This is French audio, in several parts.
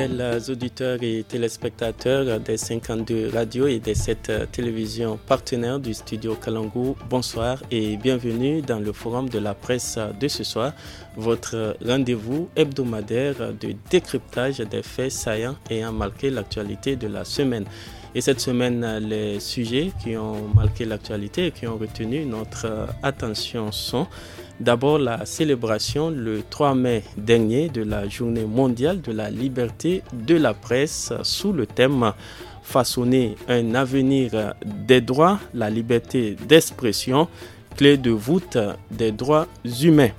les auditeurs et téléspectateurs des 52 radios et des 7 euh, télévisions partenaires du studio Kalangou, bonsoir et bienvenue dans le forum de la presse de ce soir, votre rendez-vous hebdomadaire de décryptage des faits saillants ayant marqué l'actualité de la semaine. Et cette semaine, les sujets qui ont marqué l'actualité et qui ont retenu notre euh, attention sont D'abord, la célébration le 3 mai dernier de la journée mondiale de la liberté de la presse sous le thème Façonner un avenir des droits, la liberté d'expression, clé de voûte des droits humains.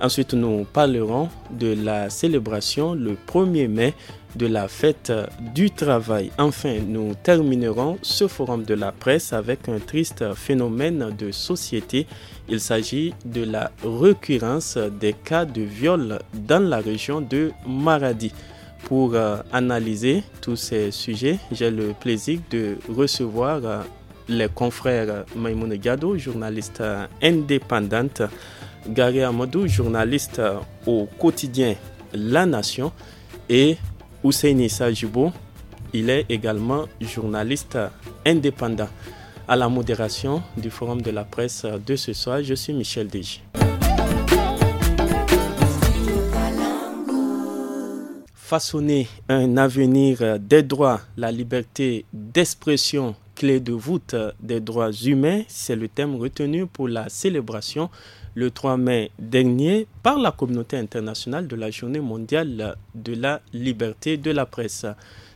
Ensuite, nous parlerons de la célébration le 1er mai de la fête du travail. Enfin, nous terminerons ce forum de la presse avec un triste phénomène de société. Il s'agit de la récurrence des cas de viol dans la région de Maradi. Pour euh, analyser tous ces sujets, j'ai le plaisir de recevoir euh, les confrères Maïmoune Gado, journaliste euh, indépendante, Gary Amadou, journaliste au quotidien La Nation, et Hussein Sajibo. Il est également journaliste indépendant. À la modération du Forum de la presse de ce soir, je suis Michel Dj Façonner un avenir des droits, la liberté d'expression, clé de voûte des droits humains, c'est le thème retenu pour la célébration le 3 mai dernier par la communauté internationale de la journée mondiale de la liberté de la presse.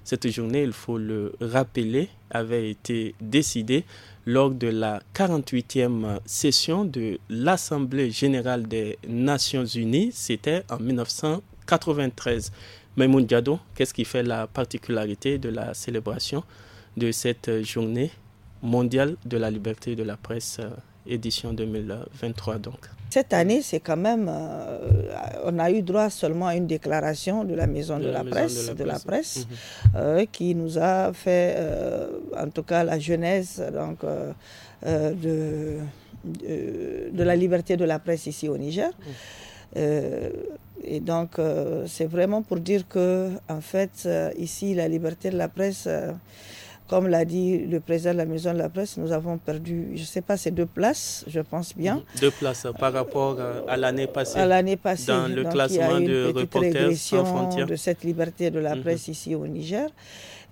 Cette journée, il faut le rappeler, avait été décidée lors de la 48e session de l'Assemblée générale des Nations Unies. C'était en 1993. Mais Diado, qu'est-ce qui fait la particularité de la célébration de cette journée mondiale de la liberté de la presse euh, édition 2023 donc. Cette année, c'est quand même, euh, on a eu droit seulement à une déclaration de la Maison de, la, presse, de la, presse, mhm. euh, qui nous a fait, euh, en tout cas, la genèse donc, de, de, la liberté de la presse ici au Niger. Mhm. et donc, c'est vraiment pour dire que, en fait, ici, la liberté de la presse comme l'a dit le président de la Maison de la Presse, nous avons perdu, je ne sais pas, ces deux places, je pense bien. Deux places euh, par rapport euh, à l'année passée. À l'année passée. Dans le classement de reporters sans frontières. de cette liberté de la mhm. presse ici au Niger.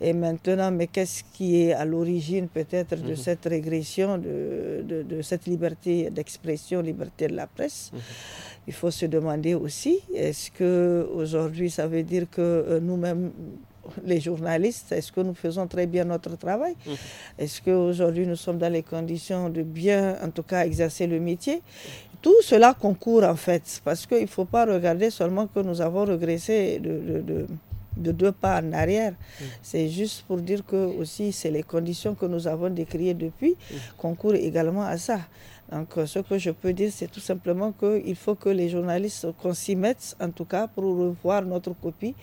Et maintenant, mais qu'est-ce qui est à l'origine peut-être de mhm. cette régression, de, cette liberté d'expression, liberté de la presse mhm. Il faut se demander aussi, est-ce que aujourd'hui, ça veut dire que euh, nous-mêmes les journalistes, est-ce que nous faisons très bien notre travail mhm. Est-ce qu'aujourd'hui nous sommes dans les conditions de bien, en tout cas, exercer le métier tout cela concourt en fait, parce qu'il ne faut pas regarder seulement que nous avons regressé de, de, deux pas en arrière. Mhm. C'est juste pour dire que aussi c'est les conditions que nous avons décriées depuis mhm. concourent également à ça. Donc euh, ce que je peux dire, c'est tout simplement qu'il faut que les journalistes qu'on s'y mette, en tout cas, pour revoir notre copie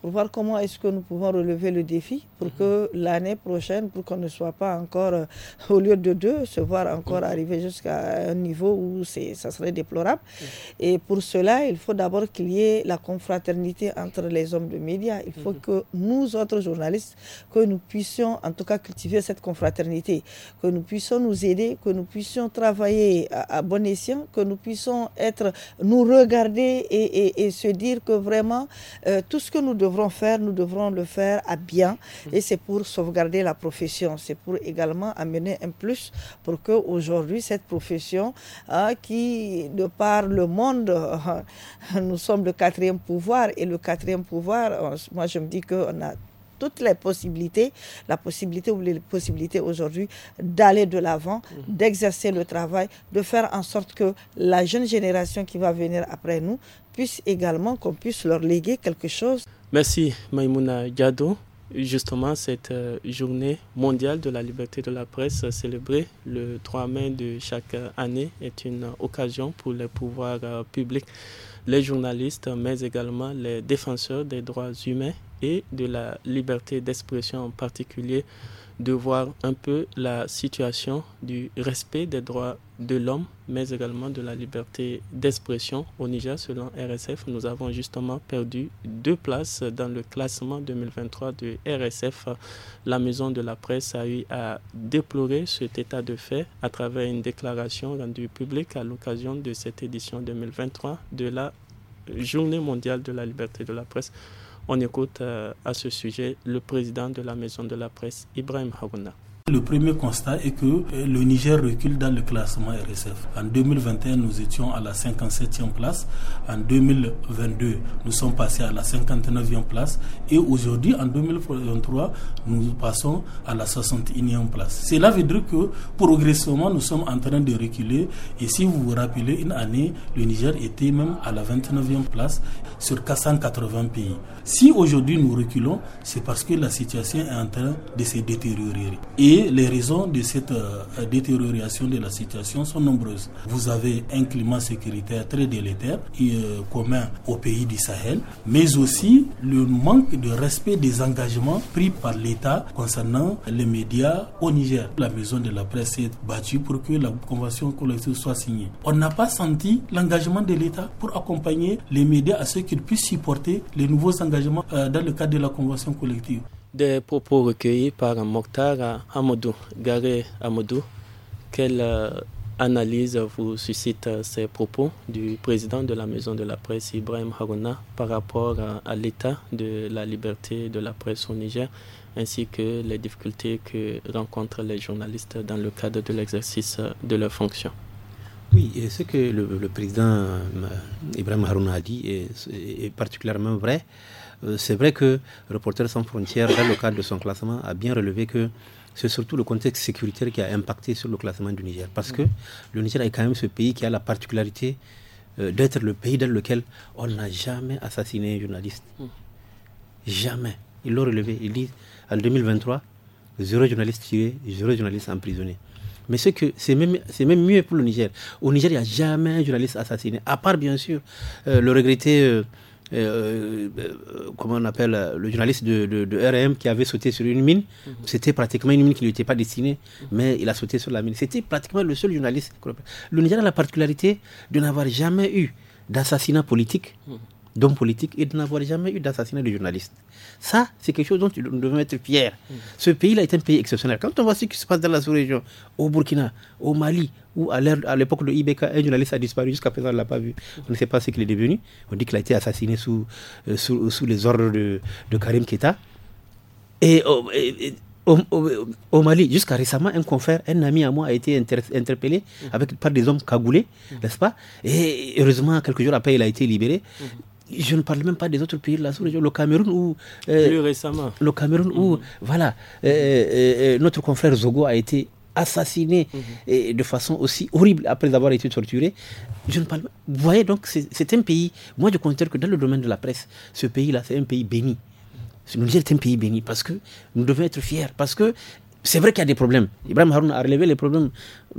pour voir comment est-ce que nous pouvons relever le défi pour mhm. que l'année prochaine, pour qu'on ne soit pas encore, euh, au lieu de deux, se voir encore mhm. arriver jusqu'à un niveau où ça serait déplorable. Mhm. Et pour cela, il faut d'abord qu'il y ait la confraternité entre les hommes de médias. Il faut que nous autres journalistes, que nous puissions en tout cas cultiver cette confraternité, que nous puissions nous aider, que nous puissions travailler à, bon escient, que nous puissions être, nous regarder et, se dire que vraiment euh, tout ce que nous devons faire, nous devrons le faire à bien. Et c'est pour sauvegarder la profession. C'est pour également amener un plus pour que aujourd'hui cette profession hein, qui, de par le monde, nous sommes le quatrième pouvoir. Et le quatrième pouvoir, euh, moi je me dis qu'on a toutes les possibilités, la possibilité ou les possibilités aujourd'hui d'aller de l'avant, mhm. d'exercer le travail, de faire en sorte que la jeune génération qui va venir après nous puisse également qu'on puisse leur léguer quelque chose. Merci Maïmouna Diado. Justement, cette euh, journée mondiale de la liberté de la presse célébrée le 3 mai de chaque année est une occasion pour les pouvoirs euh, publics, les journalistes, mais également les défenseurs des droits humains et de la liberté d'expression en particulier, de voir un peu la situation du respect des droits de l'homme, mais également de la liberté d'expression. Au Niger, selon RSF, nous avons justement perdu deux places dans le classement 2023 de RSF. La maison de la presse a eu à déplorer cet état de fait à travers une déclaration rendue publique à l'occasion de cette édition 2023 de la Journée mondiale de la liberté de la presse on écoute euh, à ce sujet le président de la Maison de la Presse, Ibrahim Hagouna. Le premier constat est que euh, le Niger recule dans le classement RSF. En 2021, nous étions à la 57e place. En 2022, nous sommes passés à la 59e place. Et aujourd'hui, en 2023, nous passons à la 61e place. Cela veut dire que progressivement, nous sommes en train de reculer. Et si vous vous rappelez, une année, le Niger était même à la 29e place sur 480 pays. Si aujourd'hui nous reculons, c'est parce que la situation est en train de se détériorer. Et et les raisons de cette euh, détérioration de la situation sont nombreuses. Vous avez un climat sécuritaire très délétère et euh, commun au pays du Sahel, mais aussi le manque de respect des engagements pris par l'État concernant les médias au Niger. La maison de la presse est battue pour que la convention collective soit signée. On n'a pas senti l'engagement de l'État pour accompagner les médias à ce qu'ils puissent supporter les nouveaux engagements euh, dans le cadre de la convention collective des propos recueillis par Mokhtar Amadou, Garé Amadou. Quelle euh, analyse vous suscite euh, ces propos du président de la Maison de la Presse, Ibrahim Haruna, par rapport euh, à l'état de la liberté de la presse au Niger, ainsi que les difficultés que rencontrent les journalistes dans le cadre de l'exercice de leurs fonctions oui, ce que le, le président Ibrahim Harouna a dit est particulièrement vrai. Euh, c'est vrai que Reporters sans frontières, dans le cadre de son classement, a bien relevé que c'est surtout le contexte sécuritaire qui a impacté sur le classement du Niger. Parce que mm. le Niger est quand même ce pays qui a la particularité euh, d'être le pays dans lequel on n'a jamais assassiné un journaliste. Mm. Jamais. Ils l'ont relevé. Ils disent en 2023, zéro journaliste tué, zéro journaliste emprisonné. Mais c'est que c'est même, même mieux pour le Niger. Au Niger, il n'y a jamais un journaliste assassiné, à part bien sûr euh, le regretter. Euh, euh, comment on appelle, euh, le journaliste de, RM qui avait sauté sur une mine. Mhm. C'était pratiquement une mine qui n'était pas destinée, mhm. mais il a sauté sur la mine. C'était pratiquement le seul journaliste. Le Niger a la particularité de n'avoir jamais eu d'assassinat politique. Mhm d'hommes politiques et de n'avoir jamais eu d'assassinat de journalistes. Ça, c'est quelque chose dont nous devons être fiers. Mm. Ce pays-là est un pays exceptionnel. Quand on voit ce qui se passe dans la sous-région, au Burkina, au Mali, où à l'époque de Ibeka, un journaliste a disparu, jusqu'à présent on ne l'a pas vu. On ne sait pas ce qu'il est devenu. On dit qu'il a été assassiné sous, euh, euh, sous, les ordres de, Karim Keta. Et, au, Mali, jusqu'à récemment, un confrère, un ami à moi a été interpellé mm. avec, par des hommes cagoulés, mm. n'est-ce pas Et heureusement, quelques jours après, il a été libéré je ne parle même pas des autres pays de la Le Cameroun où... Euh, Plus récemment. Le Cameroun où, mm-hmm. voilà, euh, euh, notre confrère Zogo a été assassiné mm-hmm. de façon aussi horrible après avoir été torturé. Je ne parle Vous voyez donc, c'est un pays, moi je considère que dans le domaine de la presse, ce pays-là, c'est un pays béni. Nous disons c'est un pays béni parce que nous devons être fiers, parce que c'est vrai qu'il y a des problèmes. Ibrahim Haroun a relevé les problèmes.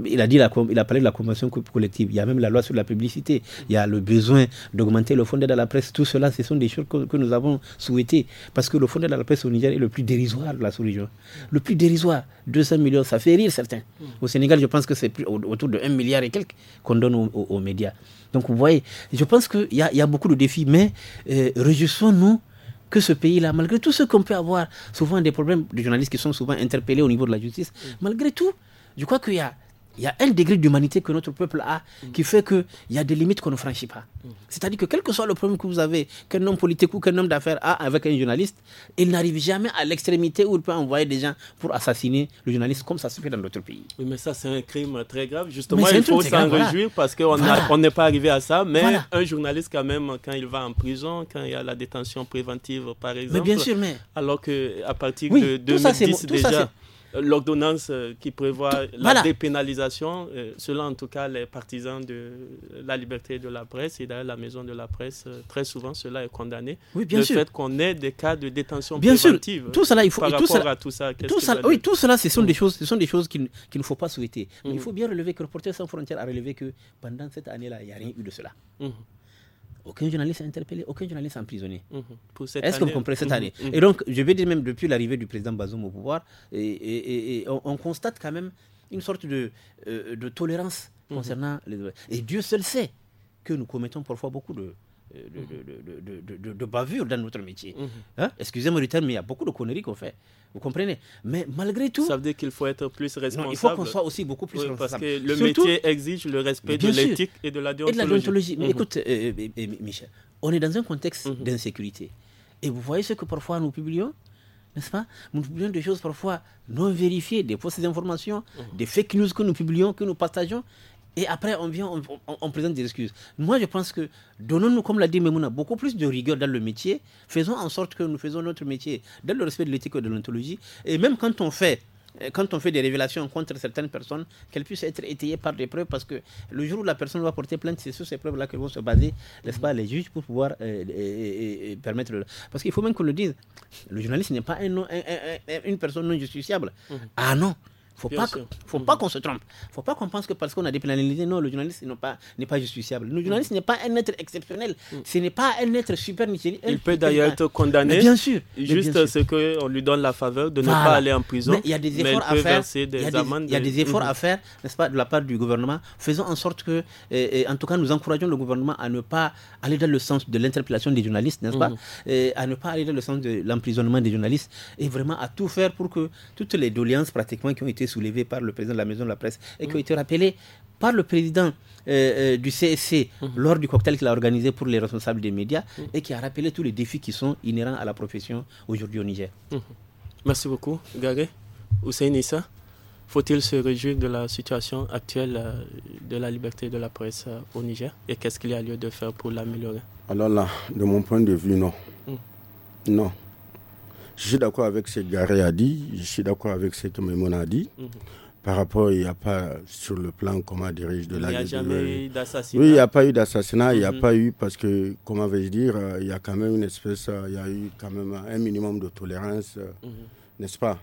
Il a, dit il a parlé de la convention collective. Il y a même la loi sur la publicité. Il y a le besoin d'augmenter le fonds d'aide à la presse. Tout cela, ce sont des choses que, nous avons souhaitées. Parce que le fonds d'aide à la presse au Niger est le plus dérisoire de la sous-région. Le plus dérisoire. 200 millions, ça fait rire certains. Au Sénégal, je pense que c'est autour de 1 milliard et quelques qu'on donne aux, médias. Donc vous voyez, je pense qu'il y, y, a beaucoup de défis. Mais euh, rejouissons nous que ce pays-là, malgré tout ce qu'on peut avoir, souvent des problèmes de journalistes qui sont souvent interpellés au niveau de la justice, mm. malgré tout, je crois qu'il y a il y a un degré d'humanité que notre peuple a qui fait qu'il y a des limites qu'on ne franchit pas. C'est-à-dire que quel que soit le problème que vous avez, qu'un homme politique ou qu'un homme d'affaires a avec un journaliste, il n'arrive jamais à l'extrémité où il peut envoyer des gens pour assassiner le journaliste comme ça se fait dans d'autres pays. Oui, mais ça, c'est un crime très grave. Justement, il faut s'en réjouir parce qu'on n'est pas arrivé à ça. Mais un journaliste, quand même, quand il va en prison, quand il y a la détention préventive, par exemple. Mais bien sûr, Alors qu'à partir de 2010, déjà l'ordonnance euh, qui prévoit la dépénalisation, cela euh, en tout cas les partisans de la liberté de la presse, et d'ailleurs la maison de la presse, euh, très souvent cela est condamné. Oui, bien le fait qu'on ait des cas de détention bien préventive. Tout cela, il faut. Par tout à tout ça, tout oui, tout cela, ce sont des mm. choses, ce sont des choses qu'il ne faut pas souhaiter. Mais il mm. faut bien relever que le Reporters sans frontières a relevé que pendant cette année-là, il n'y a rien eu de cela. Mm aucun journaliste interpellé, aucun journaliste emprisonné. Mhm. Est-ce que vous comprenez cette mhm. année mhm. Et donc, je vais dire même depuis l'arrivée du président Bazoum au pouvoir, on, constate quand même une sorte de, euh, de tolérance concernant les... Et Dieu seul sait que nous commettons parfois beaucoup de, de, mhm. de, bavure dans notre métier. Mhm. Hein? Excusez-moi du mais il y a beaucoup de conneries qu'on fait. Vous comprenez Mais malgré tout. Ça veut dire qu'il faut être plus responsable. il faut qu'on soit aussi beaucoup plus responsable. Parce que le métier exige le respect de l'éthique et de la déontologie. écoute, Michel, on est dans un contexte mhm. d'insécurité. Et vous voyez ce que parfois nous publions n'est-ce pas Nous publions des choses parfois non vérifiées, des fausses informations, des fake news que nous publions, que nous partageons. Et après, on vient, on, présente des excuses. Moi, je pense que donnons-nous, comme l'a dit Memouna, beaucoup plus de rigueur dans le métier. Faisons en sorte que nous faisons notre métier dans le respect de l'éthique et de l'ontologie. Et même quand on fait euh, quand on fait des révélations contre certaines personnes, qu'elles puissent être étayées par des preuves, parce que le jour où la personne va porter plainte, c'est sur ces preuves-là qu'elles vont se baser, n'est-ce pas, les juges pour pouvoir euh, permettre. Parce qu'il faut même qu'on le dise, le journaliste n'est pas une personne non justiciable. Mmh. Ah non, faut pas, faut mhm. pas qu'on se trompe. Faut pas qu'on pense que parce qu'on a dépénalisé, non, le journaliste n'est pas, pas justiciable. Le journaliste mhm. n'est pas un être exceptionnel. Mhm. Ce n'est pas un être super Il peut d'ailleurs être condamné. bien sûr. Juste ce qu'on lui donne la faveur de ne pas aller en prison. Il y a des efforts à faire. Il y, a des efforts à faire, n'est-ce pas, de la part du gouvernement. Faisons en sorte que, et, en tout cas, nous encourageons le gouvernement à ne pas aller dans le sens de l'interpellation des journalistes, n'est-ce pas, et à ne pas aller dans le sens de l'emprisonnement des journalistes et vraiment à tout faire pour que toutes les doléances pratiquement qui ont été soulevé par le président de la maison de la presse et qui a mm. été rappelé par le président euh, euh, du CSC mm. lors du cocktail qu'il a organisé pour les responsables des médias mm. et qui a rappelé tous les défis qui sont inhérents à la profession aujourd'hui au Niger. Merci beaucoup, Garé. Hussein Issa, faut-il se réjouir de la situation actuelle euh, de la liberté de la presse au Niger et qu'est-ce qu'il y a lieu de faire pour l'améliorer Alors ah là, de mon point de vue, non. Non. Je suis d'accord avec ce que Gary a dit, je suis d'accord avec ce que Mémon a dit. Mhm. par rapport, il n'y a pas sur le plan, comment dirige de la Il n'y a jamais eu d'assassinat. Oui, il n'y a pas eu d'assassinat, il n'y a mhm. pas eu, parce que, comment vais-je dire, euh, il y a quand même une espèce, euh, il y a eu quand même un minimum de tolérance, euh, mhm. n'est-ce pas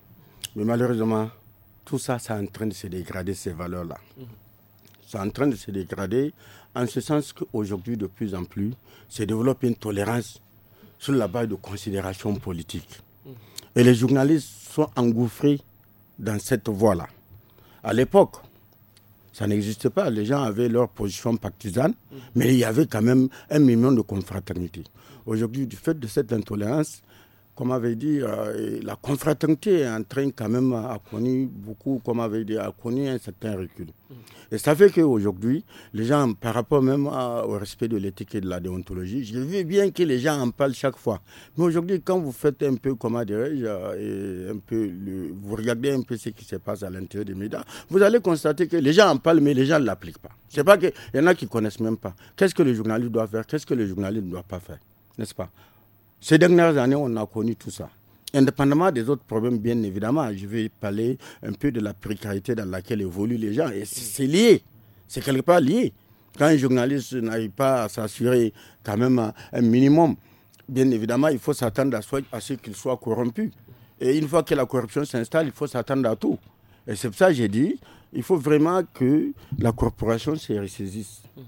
Mais malheureusement, tout ça, ça est en train de se dégrader, ces valeurs-là. Ça est C'est en train de se dégrader, en ce sens qu'aujourd'hui, de plus en plus, se développe une tolérance sur la base de considérations politiques. Et les journalistes sont engouffrés dans cette voie-là. À l'époque, ça n'existait pas. Les gens avaient leur position partisane, mhm. mais il y avait quand même un million de confraternités. Aujourd'hui, du fait de cette intolérance, comme avait dit, euh, la confraternité est en train quand même a connu beaucoup, comme avait dit, a connu un certain recul. Mm. Et ça fait qu'aujourd'hui, les gens, par rapport même au respect de l'éthique et de la déontologie, je veux bien que les gens en parlent chaque fois. Mais aujourd'hui, quand vous faites un peu, comment dirais-je, euh, vous regardez un peu ce qui se passe à l'intérieur des médias, vous allez constater que les gens en parlent, mais les gens ne l'appliquent pas. C'est pas qu'il y en a qui ne connaissent même pas. Qu'est-ce que le journaliste doit faire Qu'est-ce que le journaliste ne doit pas faire N'est-ce pas ces dernières années, on a connu tout ça. Indépendamment des autres problèmes, bien évidemment, je vais parler un peu de la précarité dans laquelle évoluent les gens. Et c'est mm. lié, c'est quelque part lié. Quand un journaliste n'arrive pas à s'assurer quand même un minimum, bien évidemment, il faut s'attendre à, ce qu'il soit corrompu. Et une fois que la corruption s'installe, il faut s'attendre à tout. Et c'est pour ça que j'ai dit, il faut vraiment que la corporation se ressaisisse. Mm.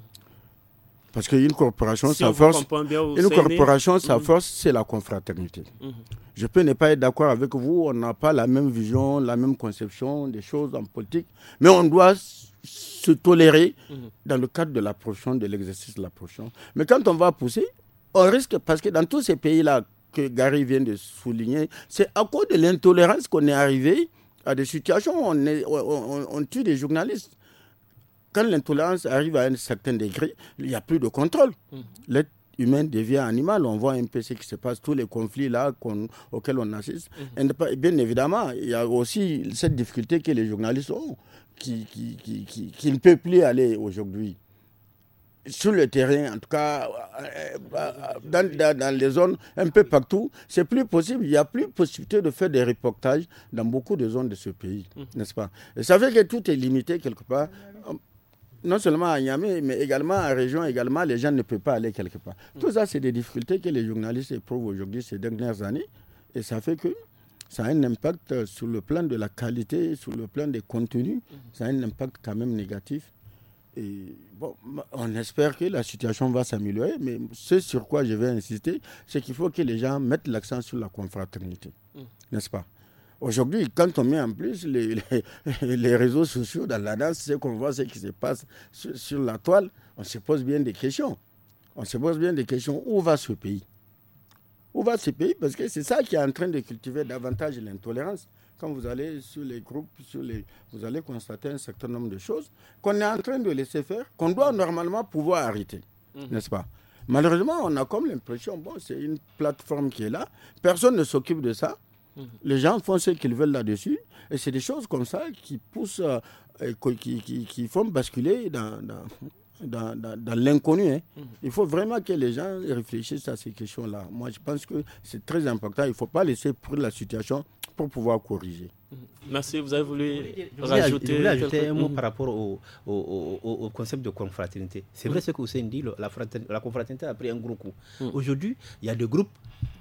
Parce qu'une corporation, sa force, une corporation, sa force, c'est la confraternité. Mhm. Je peux ne pas être d'accord avec vous, on n'a pas la même vision, la même conception des choses en politique, mais on doit se tolérer mhm. dans le cadre de la de l'exercice de la Mais quand on va pousser, on risque, parce que dans tous ces pays-là que Gary vient de souligner, c'est à cause de l'intolérance qu'on est arrivé à des situations où on tue des journalistes quand l'intolérance arrive à un certain degré, il n'y a plus de contrôle. Mhm. L'être humain devient animal. On voit un peu ce qui se passe, tous les conflits là auxquels on assiste. Mhm. Et bien évidemment, il y a aussi cette difficulté que les journalistes ont, qui, qui, ne peut plus aller aujourd'hui sur le terrain, en tout cas, euh, euh, dans, les zones, un peu partout, c'est plus possible. Il n'y a plus possibilité de faire des reportages dans beaucoup de zones de ce pays, mhm. n'est-ce pas Ça fait que tout est limité quelque part. Euh, non seulement à Niamey, mais également la région, également, les gens ne peuvent pas aller quelque part. Mm. Tout ça, c'est des difficultés que les journalistes éprouvent aujourd'hui ces dernières années. Et ça fait que ça a un impact sur le plan de la qualité, sur le plan des contenus. Mm. Ça a un impact quand même négatif. Et bon, on espère que la situation va s'améliorer, mais ce sur quoi je vais insister, c'est qu'il faut que les gens mettent l'accent sur la confraternité. Mm. N'est-ce pas Aujourd'hui, quand on met en plus les, réseaux sociaux dans la danse, c'est qu'on voit ce qui se passe sur, la toile, on se pose bien des questions. On se pose bien des questions. Où va ce pays Où va ce pays Parce que c'est ça qui est en train de cultiver davantage l'intolérance. Quand vous allez sur les groupes, sur les, vous allez constater un certain nombre de choses qu'on est en train de laisser faire, qu'on doit normalement pouvoir arrêter. Mhm. N'est-ce pas Malheureusement, on a comme l'impression, bon, c'est une plateforme qui est là, personne ne s'occupe de ça. Mhm. Les gens font ce qu'ils veulent là-dessus. Et c'est des choses comme ça qui poussent, euh, qui, font basculer dans, l'inconnu. Hein. Mhm. Il faut vraiment que les gens réfléchissent à ces questions-là. Moi, je pense que c'est très important. Il ne faut pas laisser prendre la situation pour pouvoir corriger. Mhm. Merci. Vous avez voulu rajouter, ajouter un mot par rapport au, concept de confraternité. C'est vrai ce que vous avez dit, la confraternité a pris un gros coup. Aujourd'hui, il y a des groupes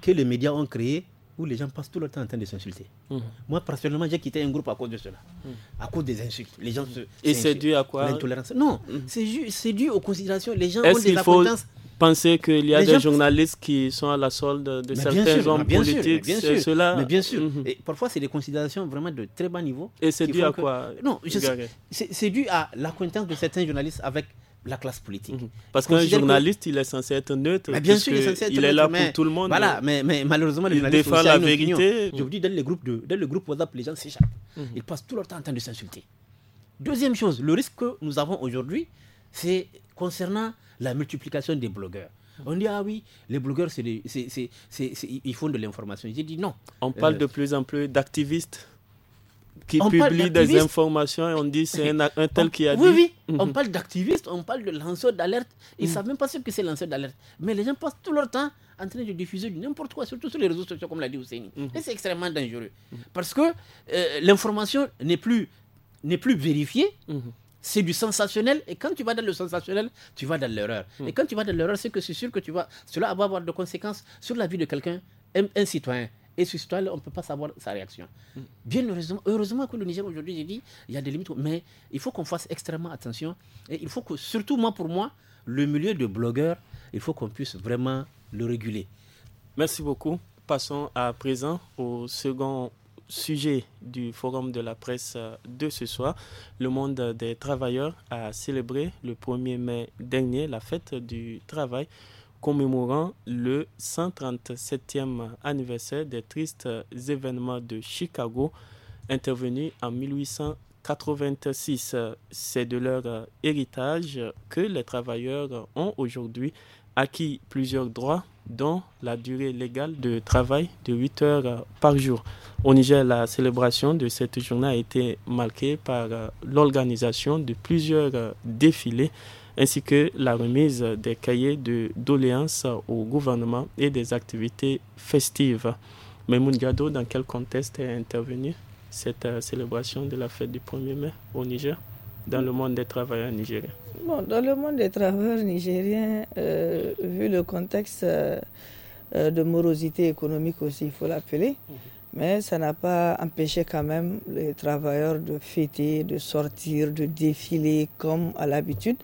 que les médias ont créés les gens passent tout le temps en train de s'insulter. Mhm. Moi, personnellement, j'ai quitté un groupe à cause de cela, mhm. à cause des insultes. Les gens Et c'est dû à quoi L'intolérance. Non, mhm. c'est dû aux considérations. Les gens ont des penser qu'il y a des journalistes qui sont à la solde de certains hommes bien politiques, bien cela. Mais bien sûr, et parfois c'est des considérations vraiment de très bas niveau. Et c'est dû à quoi Non, c'est dû à l'acquaintance de certains journalistes avec la classe politique. Mhm. Parce qu'un journaliste, il est censé être neutre. bien sûr, il est censé être Il est là pour tout le monde. Voilà, mais, malheureusement, il les défend la vérité. Je vous dis, dans le groupe, le groupe WhatsApp, les gens s'échappent. Mhm. Ils passent tout leur temps en train de s'insulter. Deuxième chose, le risque que nous avons aujourd'hui, c'est concernant la multiplication des blogueurs. On dit, ah oui, les blogueurs, c'est ils font de l'information. J'ai dit non. On parle euh, de plus en plus d'activistes qui publie des informations et on dit c'est un, tel qui a dit. Oui, oui, on parle d'activistes, on parle de lanceurs d'alerte. Ils ne mm. savent même pas ce que c'est lanceur d'alerte. Mais les gens passent tout leur temps en train de diffuser n'importe quoi, surtout sur les réseaux sociaux, comme l'a dit Ousseini. Mm-hmm. Et c'est extrêmement dangereux. Mm-hmm. Parce que euh, l'information n'est plus, plus vérifiée. Mm-hmm. C'est du sensationnel, et quand tu vas dans le sensationnel, tu vas dans l'erreur. Mm. Et quand tu vas dans l'erreur, c'est que c'est sûr que tu vas, cela va avoir des conséquences sur la vie de quelqu'un, un citoyen. Et sur ce on ne peut pas savoir sa réaction. Bien heureusement, heureusement que le Niger aujourd'hui, j'ai dit, il y a des limites, mais il faut qu'on fasse extrêmement attention. Et il faut que, surtout moi pour moi, le milieu de blogueurs, il faut qu'on puisse vraiment le réguler. Merci beaucoup. Passons à présent au second sujet du forum de la presse de ce soir. Le monde des travailleurs a célébré le 1er mai dernier la fête du travail commémorant le 137e anniversaire des tristes événements de Chicago intervenus en 1886. C'est de leur héritage que les travailleurs ont aujourd'hui acquis plusieurs droits dont la durée légale de travail de 8 heures par jour. Au Niger, la célébration de cette journée a été marquée par l'organisation de plusieurs défilés ainsi que la remise des cahiers de doléances au gouvernement et des activités festives. Mais Mungado, dans quel contexte est intervenue cette euh, célébration de la fête du 1er mai au Niger, dans le monde des travailleurs nigériens bon, Dans le monde des travailleurs nigériens, euh, vu le contexte euh, de morosité économique aussi, il faut l'appeler, mhm. Mais ça n'a pas empêché quand même les travailleurs de fêter, de sortir, de défiler comme à l'habitude.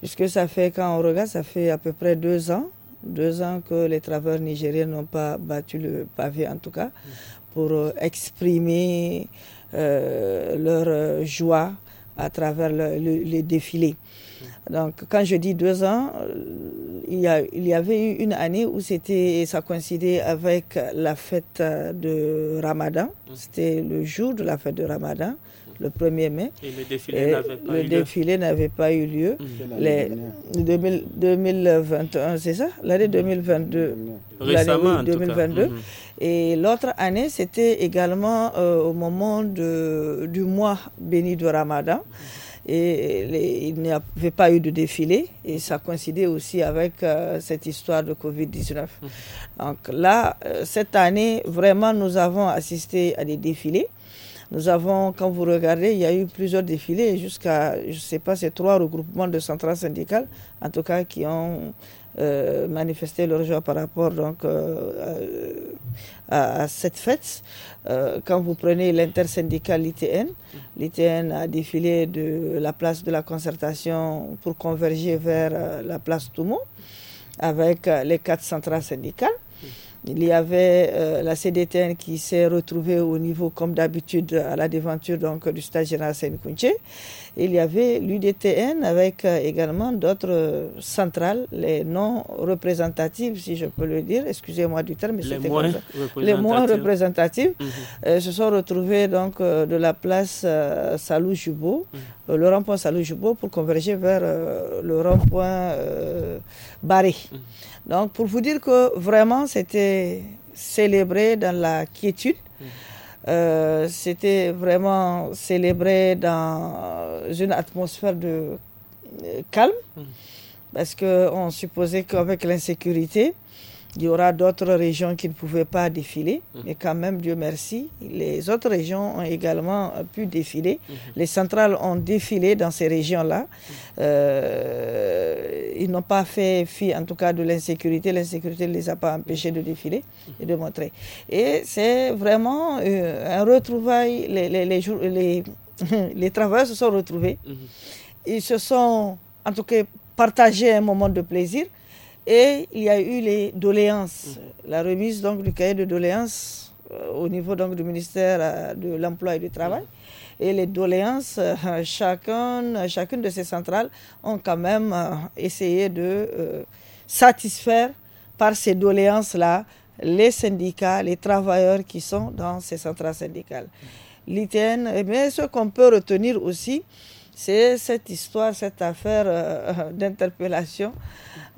Puisque ça fait, quand on regarde, ça fait à peu près deux ans, deux ans que les travailleurs nigériens n'ont pas battu le pavé en tout cas, pour euh, exprimer euh, leur euh, joie à travers les défilés. Donc, quand je dis deux ans, euh, il y, avait eu une année où c'était, ça coïncidait avec la fête euh, de Ramadan. Mmh. C'était le jour de la fête de Ramadan, le 1er mai. Et le défilé n'avait pas, le défilé lieu. pas eu lieu. Mmh. L'année 2021, c'est ça L'année 2022. Mmh. Récemment, 2022. En Et l'autre année, c'était également euh, au moment du mois béni de Ramadan et il n'y avait pas eu de défilé et ça coïncidait aussi avec euh, cette histoire de Covid-19. Mhm. Donc là, euh, cette année, vraiment, nous avons assisté à des défilés. Nous avons, quand vous regardez, il y a eu plusieurs défilés jusqu'à, je ne sais pas, ces trois regroupements de centrales syndicales, en tout cas, qui ont euh, manifesté leur joie par rapport donc, euh, euh, à, cette fête. quand vous prenez l'intersyndicale ITN, l'ITN a défilé de la place de la concertation pour converger vers la place Toumont avec les quatre centrales syndicales. Il y avait euh, la CDTN qui s'est retrouvée au niveau, comme d'habitude, à la déventure donc, du stade général Kunche. Il y avait l'UDTN avec euh, également d'autres euh, centrales, les non représentatives, si je peux le dire, excusez-moi du terme, mais c'était Les moins représentatives mhm. se sont retrouvées donc, de la place Salou Jubo, mhm. le rond-point Salou pour converger vers le rond-point Barré. Mhm. Donc, pour vous dire que vraiment, c'était célébré dans la quiétude. Mmh. Euh, c'était vraiment célébré dans une atmosphère de euh, calme, mmh. parce qu'on supposait qu'avec l'insécurité, il y aura d'autres régions qui ne pouvaient pas défiler, mhm. mais quand même, Dieu merci, les autres régions ont également euh, pu défiler. Mhm. Les centrales ont défilé dans ces régions-là. Mhm. Euh, ils n'ont pas fait fi, en tout cas, de l'insécurité. L'insécurité ne les a pas empêchés de défiler et de montrer. Et c'est vraiment euh, un retrouvail. Les, les, les travailleurs se sont retrouvés. Ils se sont, en tout cas, partagés un moment de plaisir. Et il y a eu les doléances, mm. la remise donc du cahier de doléances euh, au niveau donc du ministère euh, de l'Emploi et du Travail. Mm. Et les doléances, euh, chacune de ces centrales ont quand même essayé de satisfaire par ces doléances-là les syndicats, les travailleurs qui sont dans ces centrales syndicales. Mm. L'ITN, mais eh ce qu'on peut retenir aussi, c'est cette histoire, cette affaire euh, euh, d'interpellation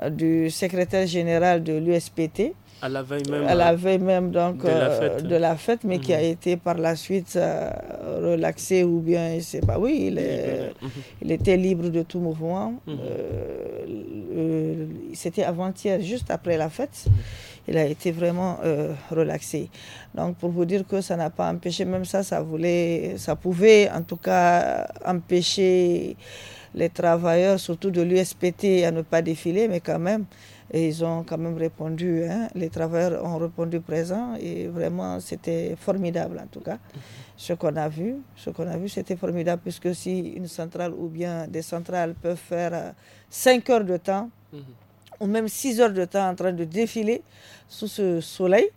euh, du secrétaire général de l'USPT. À la veille même, hein, donc, de, la fête, mais qui a mhm. été par la suite relaxée relaxé ou bien, je sais pas, oui, il, mhm. était libre de tout mouvement. Mhm. C'était avant-hier, juste après la fête il a été vraiment euh, relaxé. Donc pour vous dire que ça n'a pas empêché, même ça, ça voulait, ça pouvait en tout cas empêcher les travailleurs, surtout de l'USPT, à ne pas défiler, mais quand même, ils ont quand même répondu. Hein. Les travailleurs ont répondu présent et vraiment c'était formidable en tout cas. Ce qu'on a vu, ce qu'on a vu, c'était formidable puisque si une centrale ou bien des centrales peuvent faire 5 euh, heures de temps, mhm ou même six heures de temps en train de défiler sous ce soleil.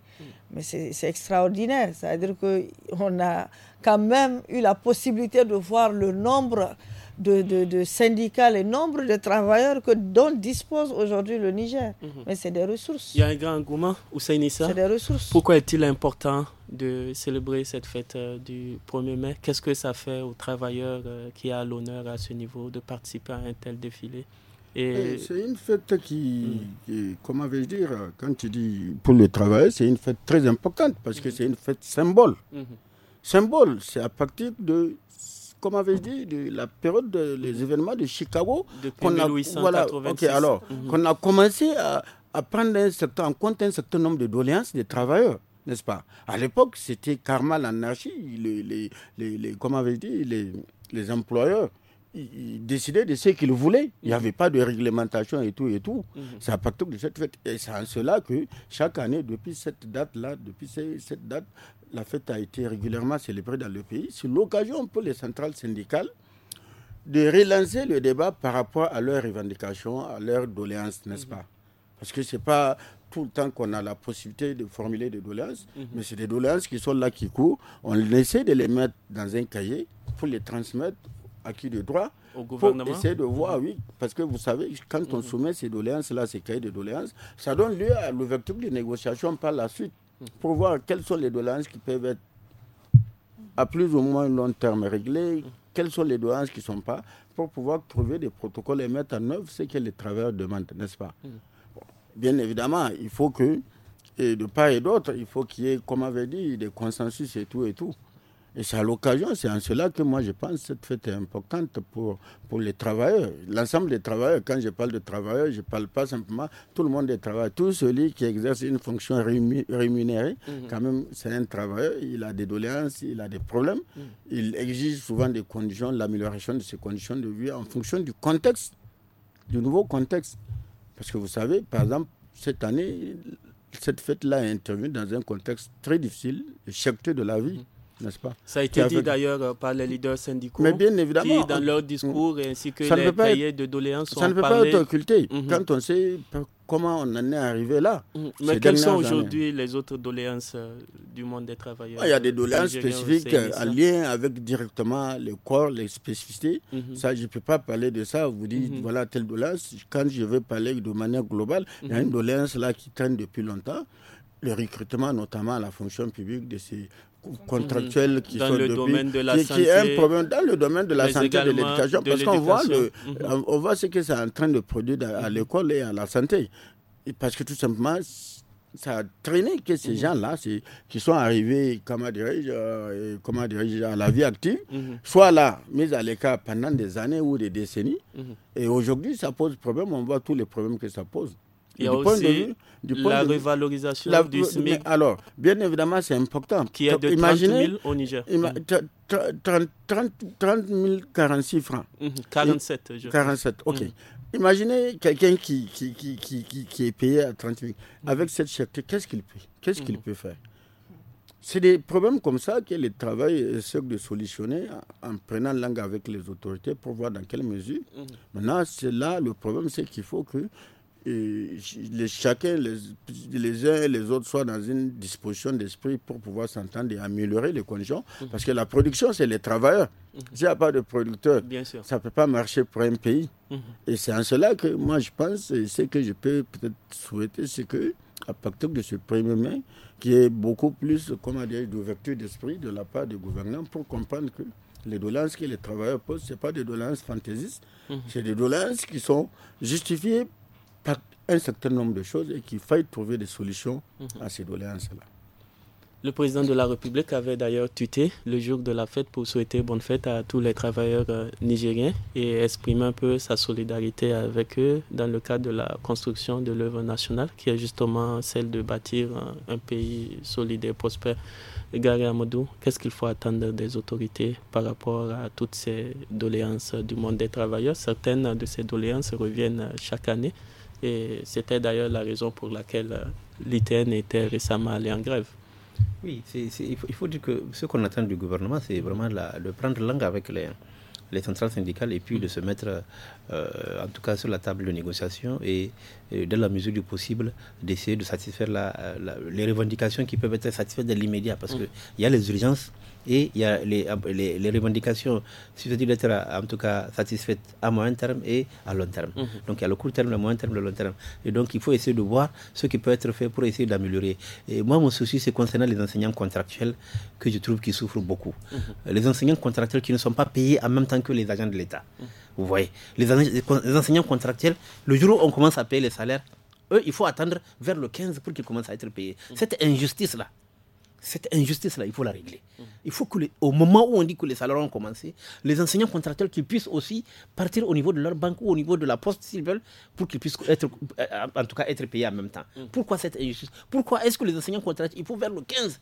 Mais c'est extraordinaire. C'est-à-dire qu'on a quand même eu la possibilité de voir le nombre de, syndicats, le nombre de travailleurs que, dont dispose aujourd'hui le Niger. Mhm. Mais c'est des ressources. Il y a un grand engouement, Ousainissa C'est des ressources. Pourquoi est-il important de célébrer cette fête euh, du 1er mai Qu'est-ce que ça fait aux travailleurs euh, qui a l'honneur à ce niveau de participer à un tel défilé euh, c'est une fête hmm. qui, comment vais-je dire, quand tu dis pour le travail, c'est une fête très importante parce que hmm. c'est une fête symbole. Hmm. Symbole, c'est à partir de, comment vais-je dire, de la période des événements de Chicago. Depuis 1886. alors, qu'on a commencé à, prendre en compte un certain nombre de doléances des travailleurs n'est-ce pas À l'époque, c'était karma l'anarchie, les, les, les, comment avait dit, les, les employeurs il décidait de ce qu'il voulait. Il n'y mhm. avait pas de réglementation et tout et tout. C'est mhm. partir de cette fête. Et c'est en cela que chaque année, depuis cette date-là, depuis cette date, la fête a été régulièrement célébrée dans le pays. C'est l'occasion pour les centrales syndicales de relancer le débat par rapport à leurs revendications, à leurs doléances, n'est-ce mhm. pas Parce que ce n'est pas tout le temps qu'on a la possibilité de formuler des doléances, mais c'est des doléances qui sont là, qui courent. On essaie de les mettre dans un cahier pour les transmettre acquis de droit au gouvernement. Pour essayer de voir, mhm. oui, parce que vous savez, quand on mhm. soumet ces doléances-là, ces cahiers de doléances, ça donne lieu à l'ouverture des négociations par la suite mhm. pour voir quelles sont les doléances qui peuvent être à plus ou moins long terme réglées, quelles sont les doléances qui ne sont pas, pour pouvoir trouver des protocoles et mettre en œuvre ce que les travailleurs demandent, n'est-ce pas Bien évidemment, il faut que, et de part et d'autre, il faut qu'il y ait, comme avait dit, des consensus et tout et tout. Et c'est à l'occasion, c'est en cela que moi je pense que cette fête est importante pour, pour les travailleurs, l'ensemble des travailleurs. Quand je parle de travailleurs, je ne parle pas simplement tout le monde des travailleurs. Tout celui qui exerce une fonction rémunérée, mhm. quand même, c'est un travailleur, il a des doléances, il a des problèmes. Mhm. Il exige souvent des conditions, l'amélioration de ses conditions de vie en fonction du contexte, du nouveau contexte. Parce que vous savez, par exemple, cette année, cette fête-là est intervenue dans un contexte très difficile, le de la vie. Mhm. Ça a été dit d'ailleurs euh, par les leaders syndicaux. bien évidemment. Qui, dans euh, leur mm. discours ainsi que les cahiers de doléances, ça ne peut pas être occulté. Mm-hmm. Quand on sait comment on en est arrivé là. Mm. Mais quelles sont aujourd'hui les autres doléances euh, du monde des travailleurs ah, Il y a des doléances spécifiques en lien avec directement le corps, les spécificités. Mm-hmm. Ça, je ne peux pas parler de ça. Vous dites, mm-hmm. voilà, telle doléance. Quand je veux parler de manière globale, il y a une doléance là qui traîne depuis longtemps le recrutement, notamment à la fonction publique de ces contractuels qui dans sont le domaine de la santé, qui est un problème dans le domaine de la santé et de l'éducation parce qu'on voit mhm. on voit ce que est en train de produire à, mhm. l'école et à la santé parce que tout simplement ça a traîné que ces mhm. gens-là, qui sont arrivés, comment dirais-je, euh, comment dirais à la vie active, soit soient là, mis à l'écart pendant des années ou des décennies. Et aujourd'hui, ça pose problème. On voit tous les problèmes que ça pose du de vue, la revalorisation du SMIC. Alors, bien évidemment, c'est important. Qui 30 000 au Niger. 30, 46 mhm. francs. 47, mhm. je 47, ok. Mhm. Imaginez quelqu'un qui qui, est payé à 30 000. Avec cette chèque, qu'est-ce qu'il peut, qu'est-ce qu'il peut faire c'est des problèmes comme ça que le travail essaie de solutionner en prenant langue avec les autorités pour voir dans quelle mesure. Maintenant, c'est là le problème, c'est qu'il faut que les, chacun, les, les, uns et les autres soient dans une disposition d'esprit pour pouvoir s'entendre et améliorer les conditions. Mhm. Parce que la production, c'est les travailleurs. Mhm. S'il n'y a pas de producteurs, ça ne peut pas marcher pour un pays. Mhm. Et c'est en cela que moi, je pense, et ce que je peux peut-être souhaiter, c'est que à partir de ce premier mai, qui est beaucoup plus d'ouverture d'esprit de la part du gouvernement pour comprendre que les doléances que les travailleurs posent, ce pas des doléances fantaisistes, c'est des doléances qui sont justifiées un certain nombre de choses et qu'il faille trouver des solutions mhm. à ces doléances-là. Le président de la République avait d'ailleurs tuté le jour de la fête pour souhaiter bonne fête à tous les travailleurs euh, nigériens et exprimer un peu sa solidarité avec eux dans le cadre de la construction de l'œuvre nationale qui est justement celle de bâtir euh, un, pays solide et prospère. Gary Amadou, qu'est-ce qu'il faut attendre des autorités par rapport à toutes ces doléances du monde des travailleurs Certaines de ces doléances reviennent chaque année. Et c'était d'ailleurs la raison pour laquelle euh, l'ITN était récemment allé en grève. Oui, il, faut, dire que ce qu'on attend du gouvernement, c'est vraiment de prendre langue avec les, centrales syndicales et puis de se mettre euh, en tout cas sur la table de négociation et, dans la mesure du possible d'essayer de satisfaire les revendications qui peuvent être satisfaites de l'immédiat parce qu'il mm. y a les urgences et il y a les, euh, les, les revendications susceptibles d'être en tout cas satisfaites à moyen terme et à long terme. Mhm. Donc il y a le court terme, le moyen terme, le long terme. Et donc il faut essayer de voir ce qui peut être fait pour essayer d'améliorer. Et moi, mon souci, c'est concernant les enseignants contractuels que je trouve qu'ils souffrent beaucoup. Mhm. Les enseignants contractuels qui ne sont pas payés en même temps que les agents de l'État. Mhm. Vous voyez, les, les enseignants contractuels, le jour où on commence à payer les salaires, eux, il faut attendre vers le 15 pour qu'ils commencent à être payés. Cette injustice-là, cette injustice-là, il faut la régler. Il faut que, au moment où on dit que les salaires ont commencé, les enseignants contractuels puissent aussi partir au niveau de leur banque ou au niveau de la poste s'ils veulent, pour qu'ils puissent être, euh, en tout cas, être payés en même temps. Mm. Pourquoi cette injustice Pourquoi est-ce que les enseignants contractuels, il faut vers le 15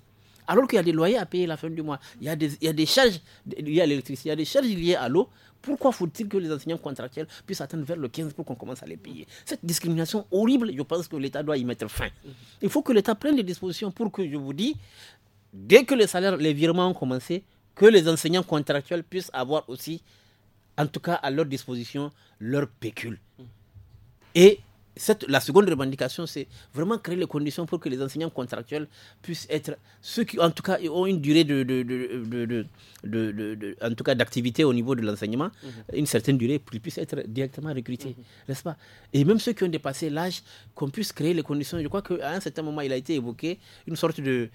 alors qu'il y a des loyers à payer la fin du mois, il y a des, charges, liées à l'électricité, il y a des charges liées à l'eau, pourquoi faut-il que les enseignants contractuels puissent attendre vers le 15 pour qu'on commence à les payer Cette discrimination horrible, je pense que l'État doit y mettre fin. Il faut que l'État prenne les dispositions pour que, je vous dis, dès que les salaires, les virements ont commencé, que les enseignants contractuels puissent avoir aussi, en tout cas à leur disposition, leur pécule. Et la seconde revendication, c'est vraiment créer les conditions pour que les enseignants contractuels puissent être ceux qui, en tout cas, ont une durée de, en tout cas, d'activité au niveau de l'enseignement, une certaine durée, pour qu'ils puissent être directement recrutés, n'est-ce pas Et même ceux qui ont dépassé l'âge, qu'on puisse créer les conditions. Je crois qu'à un certain moment, il a été évoqué une sorte de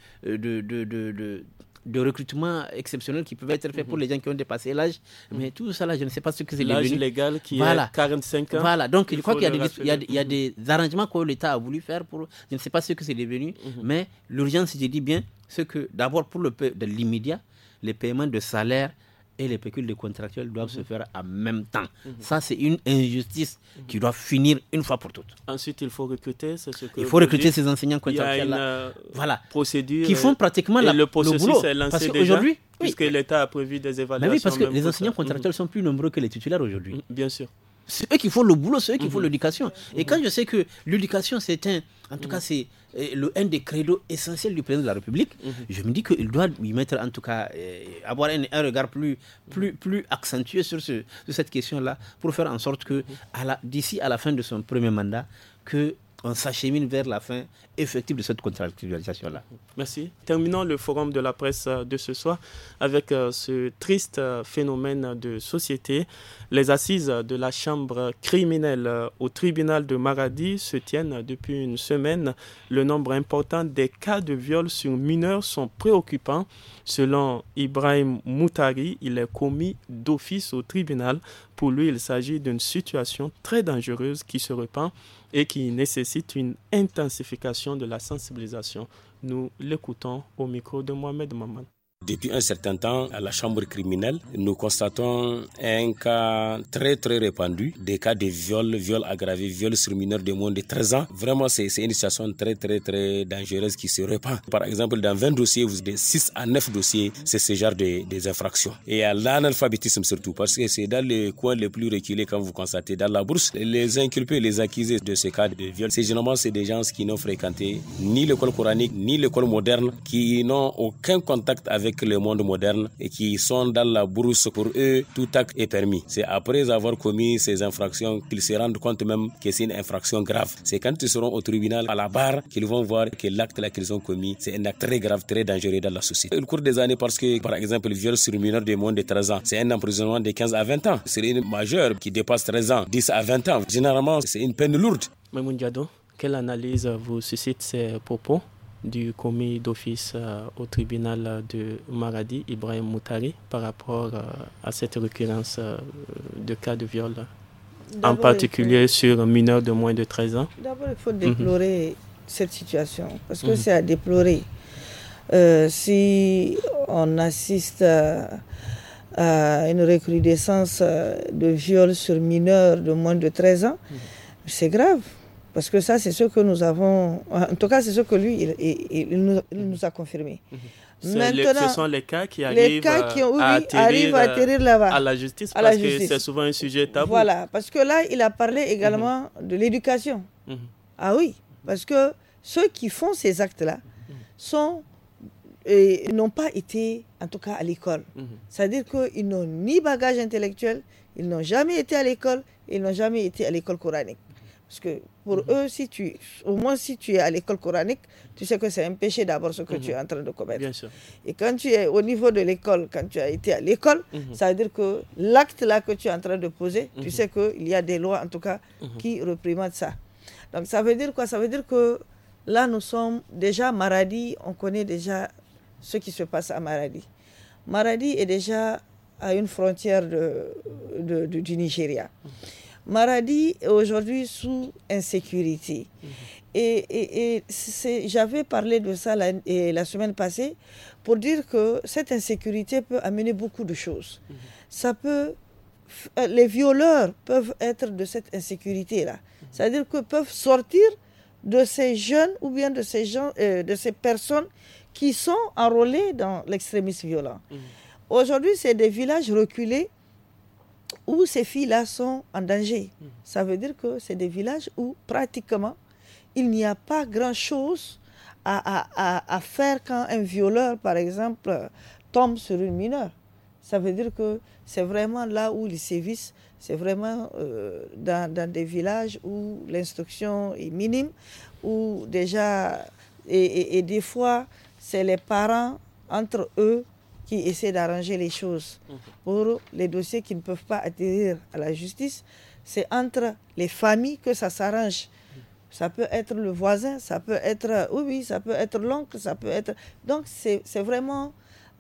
de recrutement exceptionnel qui peuvent être faits pour les gens qui ont dépassé l'âge. Mhm. Mais tout ça, là, je ne sais pas ce que c'est L'âge légal qui est 45 ans. Voilà, donc il je crois qu'il y, y, a des arrangements que l'État a voulu faire pour... Je ne sais pas ce que c'est devenu, mhm. mais l'urgence, je dis bien, c'est que d'abord pour le de l'immédiat, les paiements de salaire et les pécules de contractuels doivent se mhm. faire en même temps. Mhm. Ça, c'est une injustice mhm. qui doit finir une fois pour toutes. Ensuite, il faut recruter. Ce il faut recruter ces enseignants contractuels-là. Euh, voilà. Procédure. Qui font pratiquement la, le processus Est lancé parce Puisque l'État a prévu des évaluations. Mais oui, parce que les enseignants contractuels sont plus nombreux que les titulaires aujourd'hui. Bien sûr. C'est eux qui font le boulot, c'est eux qui font l'éducation. Et quand je sais que l'éducation, c'est un. En tout cas, c'est le, un des credos essentiels du président de la République, mhm. je me dis qu'il doit y mettre, en tout cas, euh, avoir un, regard plus, plus, plus accentué sur, ce, sur cette question-là pour faire en sorte que mhm. d'ici à la fin de son premier mandat, que on s'achemine vers la fin effective de cette contractualisation-là. Merci. Terminons le forum de la presse euh, de ce soir avec euh, ce triste euh, phénomène de société. Les assises de la chambre criminelle au tribunal de Maradi se tiennent depuis une semaine. Le nombre important des cas de viol sur mineurs sont préoccupants. Selon Ibrahim Moutari, il est commis d'office au tribunal. Pour lui, il s'agit d'une situation très dangereuse qui se répand et qui nécessite une intensification de la sensibilisation. Nous l'écoutons au micro de Mohamed Maman. Depuis un certain temps, à la chambre criminelle, nous constatons un cas très très répandu, des cas de viol, viol aggravé, viol sur mineur de moins de 13 ans. Vraiment, c'est une situation très très très dangereuse qui se répand. Par exemple, dans 20 dossiers, vous de 6 à 9 dossiers, c'est ce genre de, des infractions. Et à l'analphabétisme surtout, parce que c'est dans les coins les plus reculés quand vous constatez dans la bourse, les inculpés, les accusés de ces cas de viol, c'est généralement c'est des gens qui n'ont fréquenté ni l'école coranique, ni l'école moderne, qui n'ont aucun contact avec que le monde moderne et qui sont dans la brousse. Pour eux, tout acte est permis. C'est après avoir commis ces infractions qu'ils se rendent compte même que c'est une infraction grave. C'est quand ils seront au tribunal, à la barre, qu'ils vont voir que l'acte qu'ils ont commis, c'est un acte très grave, très dangereux dans la société. Au cours des années, parce que, par exemple, le viol sur mineur de moins de 13 ans, c'est un emprisonnement de 15 à 20 ans. C'est une majeure qui dépasse 13 ans, 10 à 20 ans. Généralement, c'est une peine lourde. Mais Diado, quelle analyse vous suscite ces propos du commis d'office euh, au tribunal de Maradi, Ibrahim Moutari, par rapport euh, à cette récurrence euh, de cas de viol, en particulier sur mineurs de moins de 13 ans D'abord, il faut mhm. déplorer cette situation, parce que mhm. c'est à déplorer. si on assiste à, une recrudescence de viol sur mineurs de moins de 13 ans, mhm. c'est grave parce que ça, c'est ce que nous avons. En tout cas, c'est ce que lui, il, nous, a confirmé. Mhm. Maintenant, ce sont les cas qui arrivent, à, atterrir, la justice, parce que c'est souvent un sujet tabou. Voilà, parce que là, il a parlé également mhm. de l'éducation. Mhm. Ah oui, parce que ceux qui font ces actes-là n'ont pas été, en tout cas, à l'école. C'est-à-dire qu'ils n'ont ni bagage intellectuel, ils n'ont jamais été à l'école, ils n'ont jamais été à l'école coranique. Parce que pour mhm. eux, si tu, au moins si tu es à l'école coranique, tu sais que c'est un péché d'abord ce que mhm. tu es en train de commettre. Et quand tu es au niveau de l'école, quand tu as été à l'école, mhm. ça veut dire que l'acte là que tu es en train de poser, tu sais qu'il y a des lois en tout cas qui réprimandent ça. Donc ça veut dire quoi Ça veut dire que là, nous sommes déjà Maradi, on connaît déjà ce qui se passe à Maradi. Maradi est déjà à une frontière de du Nigeria. Maradi est aujourd'hui sous insécurité. Mhm. Et, et, j'avais parlé de ça la, semaine passée pour dire que cette insécurité peut amener beaucoup de choses. Mhm. Ça peut, euh, les violeurs peuvent être de cette insécurité-là. Mhm. C'est-à-dire que peuvent sortir de ces jeunes ou bien de ces, gens, euh, de ces personnes qui sont enrôlées dans l'extrémisme violent. Aujourd'hui, c'est des villages reculés où ces filles-là sont en danger. Ça veut dire que c'est des villages où pratiquement il n'y a pas grand-chose à, à, à, faire quand un violeur, par exemple, tombe sur une mineure. Ça veut dire que c'est vraiment là où ils sévissent, c'est vraiment euh, dans, dans, des villages où l'instruction est minime, où déjà, et des fois, c'est les parents entre eux qui essaie d'arranger les choses mhm. pour les dossiers qui ne peuvent pas atterrir à la justice. C'est entre les familles que ça s'arrange. Ça peut être le voisin, ça peut être, oui, ça peut être l'oncle, ça peut être. Donc, c'est vraiment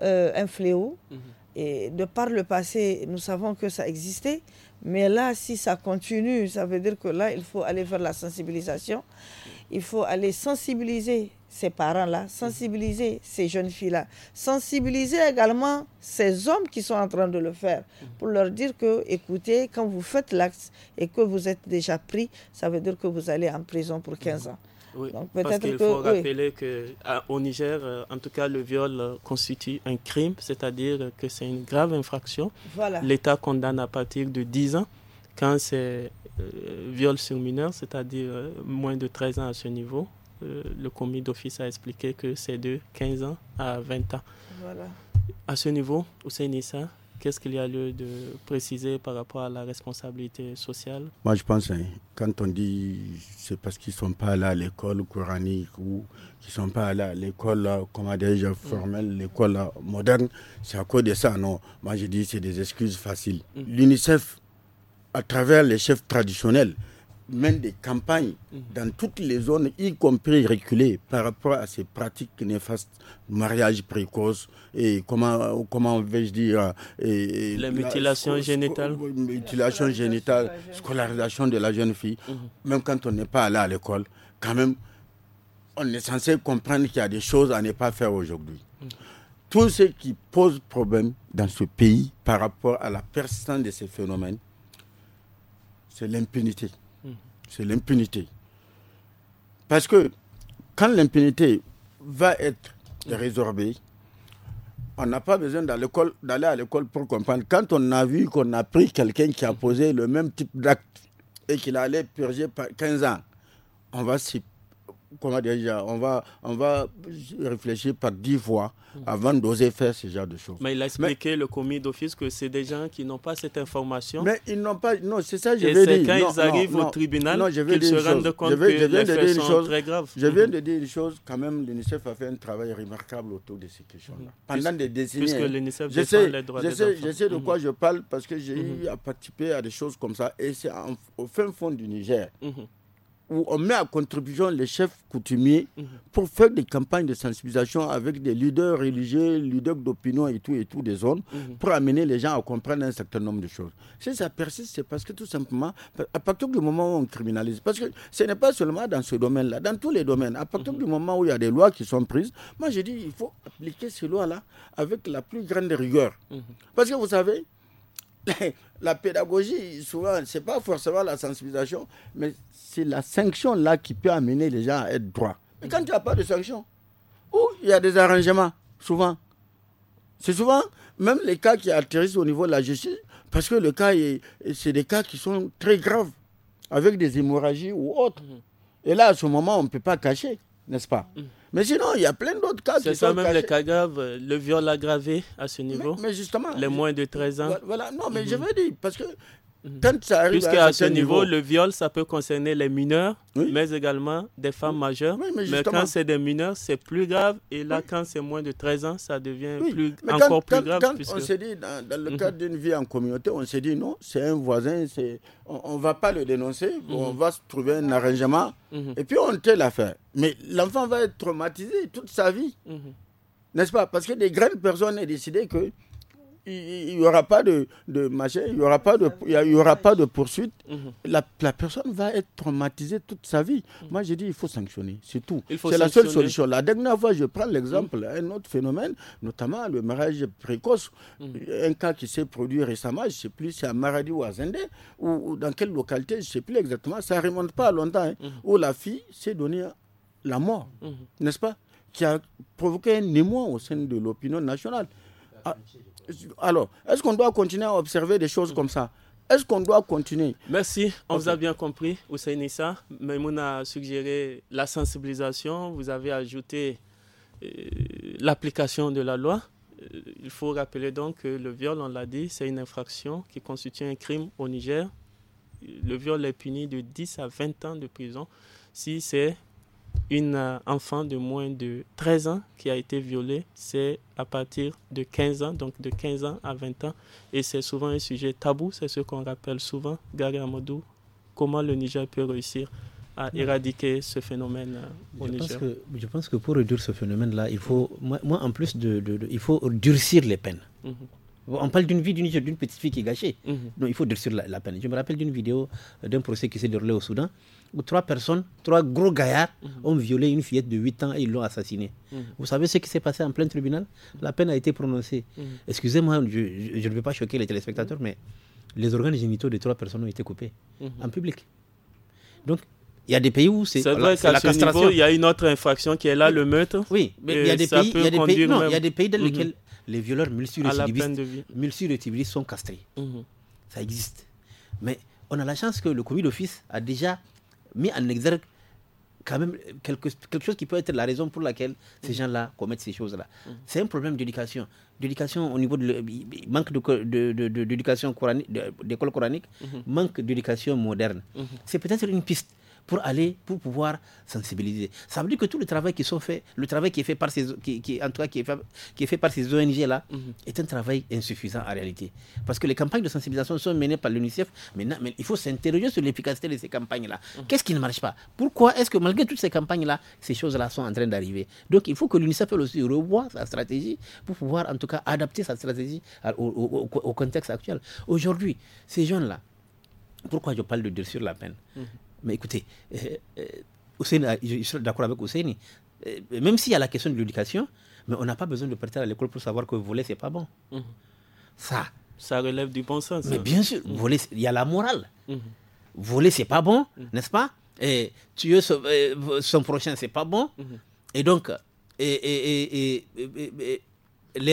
euh, un fléau. Mhm. Et de par le passé, nous savons que ça existait. Mais là, si ça continue, ça veut dire que là, il faut aller vers la sensibilisation. Il faut aller sensibiliser ces parents-là, mm. sensibiliser ces jeunes filles-là, sensibiliser également ces hommes qui sont en train de le faire, mm. pour leur dire que, écoutez, quand vous faites l'acte et que vous êtes déjà pris, ça veut dire que vous allez en prison pour 15 mm. ans. Oui, parce qu'il faut rappeler qu'au Niger, euh, en tout cas, le viol euh, constitue un crime, c'est-à-dire que c'est une grave infraction. L'État condamne à partir de 10 ans quand c'est euh, viol sur mineur, c'est-à-dire moins de 13 ans à ce niveau, euh, le commis d'office a expliqué que c'est de 15 ans à 20 ans. À ce niveau, au Nissa, qu'est-ce qu'il y a lieu de préciser par rapport à la responsabilité sociale Moi, je pense, que hein, quand on dit c'est parce qu'ils ne sont pas là à l'école coranique ou qu'ils ne sont pas là à l'école, a déjà formelle, l'école euh, moderne, c'est à cause de ça, non. Moi, je dis c'est des excuses faciles. Mm. L'UNICEF, à travers les chefs traditionnels, mène des campagnes dans toutes les zones, y compris reculées, par rapport à ces pratiques néfastes, mariage précoce et comment, comment vais-je dire euh, et, La mutilation génitale. Mutilation génitale, scolarisation de la jeune fille. Mhm. Même quand on n'est pas allé à l'école, quand même, on est censé comprendre qu'il y a des choses à ne pas faire aujourd'hui. Mhm. tout ce qui pose problème dans ce pays par rapport à la persistance de ces phénomènes, c'est l'impunité c'est l'impunité. Parce que quand l'impunité va être résorbée, on n'a pas besoin d'aller à l'école pour comprendre. Quand on a vu qu'on a pris quelqu'un qui a posé le même type d'acte et qu'il allait purger 15 ans, on va s'y comment déjà, on va, on va réfléchir par dix fois avant d'oser faire ce genre de choses. Mais il a expliqué, le commis d'office, que c'est des gens qui n'ont pas cette information. Mais ils n'ont pas, non, c'est ça, je Et de dire. quand ils arrivent au tribunal qu'ils se rendent compte que je viens les faits sont très graves. Je viens de dire une chose, quand même, l'UNICEF a fait un travail remarquable autour de ces questions-là. Mmh. Pendant des décennies. Puisque hein. l'UNICEF je sais, les droits Je sais de mmh. quoi je parle parce que j'ai participé mmh. eu à participer à des choses comme ça. Et c'est au fin fond du Niger où on met à contribution les chefs coutumiers mhm. pour faire des campagnes de sensibilisation avec des leaders religieux, leaders d'opinion et tout et tout des zones mhm. pour amener les gens à comprendre un certain nombre de choses. Si ça persiste, c'est parce que tout simplement, à partir du moment où on criminalise, parce que ce n'est pas seulement dans ce domaine-là, dans tous les domaines, à partir mhm. du moment où il y a des lois qui sont prises, moi je dis il faut appliquer ces lois-là avec la plus grande rigueur. Parce que vous savez, la pédagogie, souvent, ce n'est pas forcément la sensibilisation, mais c'est la sanction là qui peut amener les gens à être droits. Mais quand il tu a pas de sanction, ou il y a des arrangements, souvent. C'est souvent même les cas qui atterrissent au niveau de la justice, parce que le cas, c'est des cas qui sont très graves, avec des hémorragies ou autres. Mm-hmm. Et là, à ce moment, on ne peut pas cacher n'est-ce pas mm. Mais sinon, il y a plein d'autres cas. C'est ça même les cas graves, le viol aggravé à ce niveau. Mais, justement. Les moins de 13 ans. Voilà, non, mais je mm-hmm. veux dire, parce que Mhm. Quand ça à, ce niveau, le viol, ça peut concerner les mineurs, mais également des femmes majeures. mais, quand c'est des mineurs, c'est plus grave. Et là, quand c'est moins de 13 ans, ça devient plus, encore plus grave. Quand on s'est dit, dans, le mhm. cadre d'une vie en communauté, on s'est dit non, c'est un voisin, on ne va pas le dénoncer, mhm. on va se trouver un arrangement. Et puis on la l'affaire. Mais l'enfant va être traumatisé toute sa vie. N'est-ce pas Parce que des grandes personnes ont décidé que il n'y aura pas de, il n'y aura pas de, y aura pas de poursuite. Mhm. la, personne va être traumatisée toute sa vie. Mhm. Moi, j'ai dit, il faut sanctionner, c'est tout. C'est la seule solution. La dernière fois, je prends l'exemple, mhm. un autre phénomène, notamment le mariage précoce. Un cas qui s'est produit récemment, je ne sais plus si à Maradi ou à Zende, ou, dans quelle localité, je ne sais plus exactement, ça ne remonte pas longtemps, hein, où la fille s'est donnée la mort, n'est-ce pas Qui a provoqué un émoi au sein de l'opinion nationale. Ah, alors, est-ce qu'on doit continuer à observer des choses comme ça Est-ce qu'on doit continuer Merci, on vous a bien compris, Hussein Nissa. Maïmoun a suggéré la sensibilisation, vous avez ajouté euh, l'application de la loi. Euh, il faut rappeler donc que le viol, on l'a dit, c'est une infraction qui constitue un crime au Niger. Le viol est puni de 10 à 20 ans de prison si c'est une euh, enfant de moins de 13 ans qui a été violée, c'est à partir de 15 ans, donc de 15 ans à 20 ans. Et c'est souvent un sujet tabou, c'est ce qu'on rappelle souvent. Gary Amadou, comment le Niger peut réussir à éradiquer ce phénomène euh, au Niger Je pense que pour réduire ce phénomène-là, il faut, moi, en plus, de, il faut durcir les peines. Mhm. On parle d'une vie d'une petite fille qui est gâchée. Mhm. Non, il faut dire la, la, peine. Je me rappelle d'une vidéo d'un procès qui s'est déroulé au Soudan où trois personnes, trois gros gaillards mhm. ont violé une fillette de 8 ans et ils l'ont assassinée. Mhm. Vous savez ce qui s'est passé en plein tribunal La peine a été prononcée. Excusez-moi, je, ne veux pas choquer les téléspectateurs, mais les organes génitaux de trois personnes ont été coupés en public. Donc il y a des pays où c'est la, castration. il y a une autre infraction qui est là, le meurtre. Oui, mais il y a des pays, dans lesquels les violeurs multirécidivistes sont castrés. Mhm. Ça existe. Mais on a la chance que le comité d'office a déjà mis en exergue quand même quelque, quelque, chose qui peut être la raison pour laquelle ces mhm. gens-là commettent ces choses-là. Mhm. C'est un problème d'éducation. D'éducation au niveau de... manque d'éducation de, coranique, d'école coranique, manque d'éducation moderne. C'est peut-être une piste pour aller, pour pouvoir sensibiliser. Ça veut dire que tout le travail qui sont fait, le travail qui est fait par ces, qui, en tout qui qui est fait par ces ONG-là, mhm. est un travail insuffisant en réalité. Parce que les campagnes de sensibilisation sont menées par l'UNICEF, mais, il faut s'interroger sur l'efficacité de ces campagnes-là. Mhm. Qu'est-ce qui ne marche pas Pourquoi est-ce que malgré toutes ces campagnes-là, ces choses-là sont en train d'arriver Donc il faut que l'UNICEF aussi revoie sa stratégie pour pouvoir en tout cas adapter sa stratégie au, contexte actuel. Aujourd'hui, ces jeunes-là, pourquoi je parle de dessus la peine mhm. Mais écoutez, euh, euh, euh, je suis d'accord avec Hussein, même s'il y a la question de l'éducation, mais on n'a pas besoin de partir à l'école pour savoir que voler, ce n'est pas bon. Mhm. Ça. Ça relève du bon sens. Mais hein. bien sûr, voler, il y a la morale. Mhm. Voler, Voler, n'est pas bon, mhm. n'est-ce pas et Tuer son, son prochain, n'est pas bon. Et donc, les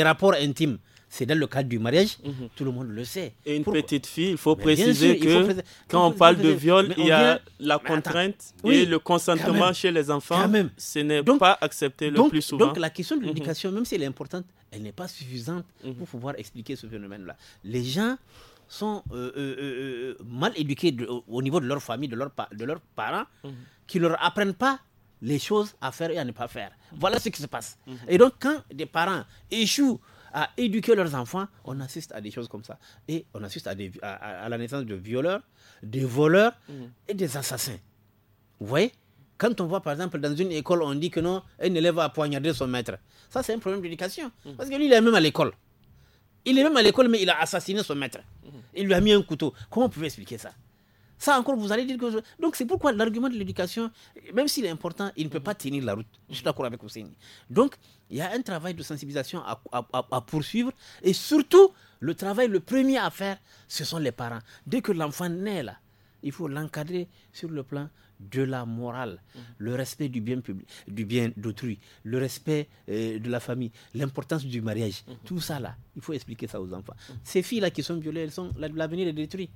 rapports intimes, c'est dans le cadre du mariage, mhm. tout le monde le sait. Et une petite fille, il faut préciser que quand on parle de viol, il y a la contrainte et le consentement chez les enfants. Même. Ce n'est pas accepté le plus souvent. Donc la question de mhm. l'éducation, même si elle est importante, elle n'est pas suffisante mhm. pour pouvoir expliquer ce phénomène-là. Les gens sont euh, euh, euh, mal éduqués au niveau de leur famille, de, de leurs parents, qui ne leur apprennent pas les choses à faire et à ne pas faire. Voilà ce qui se passe. Et donc quand des parents échouent à éduquer leurs enfants, on assiste à des choses comme ça. Et on assiste à, la naissance de violeurs, de voleurs mm. et des assassins. Vous voyez quand on voit par exemple dans une école, on dit que non, un élève a poignardé son maître. Ça, c'est un problème d'éducation. Mm. Parce que lui, il est même à l'école. Il est même à l'école, mais il a assassiné son maître. Mm. Il lui a mis un couteau. Comment on pouvait expliquer ça ça encore, vous allez dire que... Donc c'est pourquoi l'argument de l'éducation, même s'il est important, il ne peut pas mhm. tenir la route. Je suis d'accord avec Ousseini. Donc il y a un travail de sensibilisation à, poursuivre. Et surtout, le travail le premier à faire, ce sont les parents. Dès que l'enfant naît là, il faut l'encadrer sur le plan de la morale, mhm. le respect du bien public, du bien d'autrui, le respect euh, de la famille, l'importance du mariage. Mhm. Tout ça là, il faut expliquer ça aux enfants. Ces filles là qui sont violées, elles sont l'avenir est détruit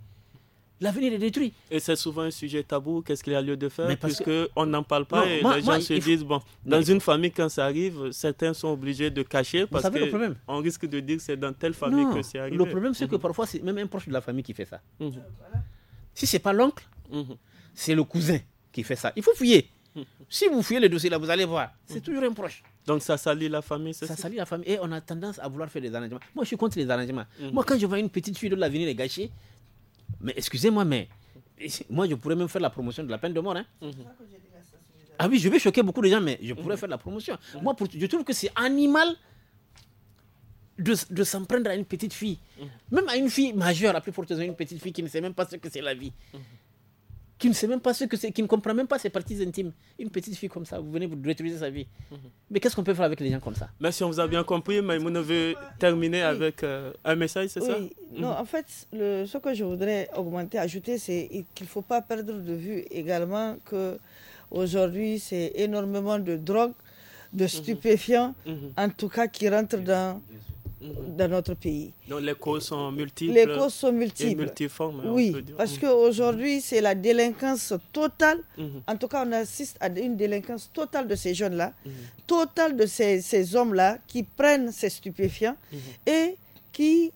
l'avenir est détruit. Et c'est souvent un sujet tabou, qu'est-ce qu'il y a lieu de faire, puisque on n'en parle pas et les gens se disent, bon, dans une famille, quand ça arrive, certains sont obligés de cacher parce On risque de dire que c'est dans telle famille que c'est arrivé. Le problème, c'est que mhm. parfois, c'est même un proche de la famille qui fait ça. Mhm. Si ce Si pas l'oncle, mhm. c'est le cousin qui fait ça. Il faut fouiller. Si vous fouillez le dossier là, vous allez voir. C'est toujours un proche. Donc ça salit la famille, ça salit la famille. Et on a tendance à vouloir faire des arrangements. Moi, je suis contre les arrangements. Moi, quand je vois une petite fille de l'avenir est gâchée, mais excusez-moi, mais moi, je pourrais même faire la promotion de la peine de mort. Hein. Mm-hmm. Ah oui, je vais choquer beaucoup de gens, mais je pourrais mm-hmm. faire la promotion. Mm-hmm. Moi, je trouve que c'est animal de, de s'en prendre à une petite fille. Même à une fille majeure, la plus forte, une petite fille qui ne sait même pas ce que c'est la vie qui ne sait même pas ce que c'est, qui ne comprend même pas ses parties intimes. Une petite fille comme ça, vous venez vous détruire sa vie. Mhm. Mais qu'est-ce qu'on peut faire avec les gens comme ça Mais ben, si on vous a bien compris, ne veut terminer avec euh, un message, c'est ça Non, mhm. en fait, le, ce que je voudrais augmenter, ajouter, c'est qu'il faut pas perdre de vue également que aujourd'hui, c'est énormément de drogue, de mhm. stupéfiants, en tout cas, qui rentrent dans Mhm. dans notre pays. Donc les causes sont multiples. Les causes sont multiples. Et multiformes. Oui, on peut parce mhm. qu'aujourd'hui, c'est la délinquance totale. Mhm. En tout cas, on assiste à une délinquance totale de ces jeunes-là, totale de ces, ces hommes-là qui prennent ces stupéfiants et qui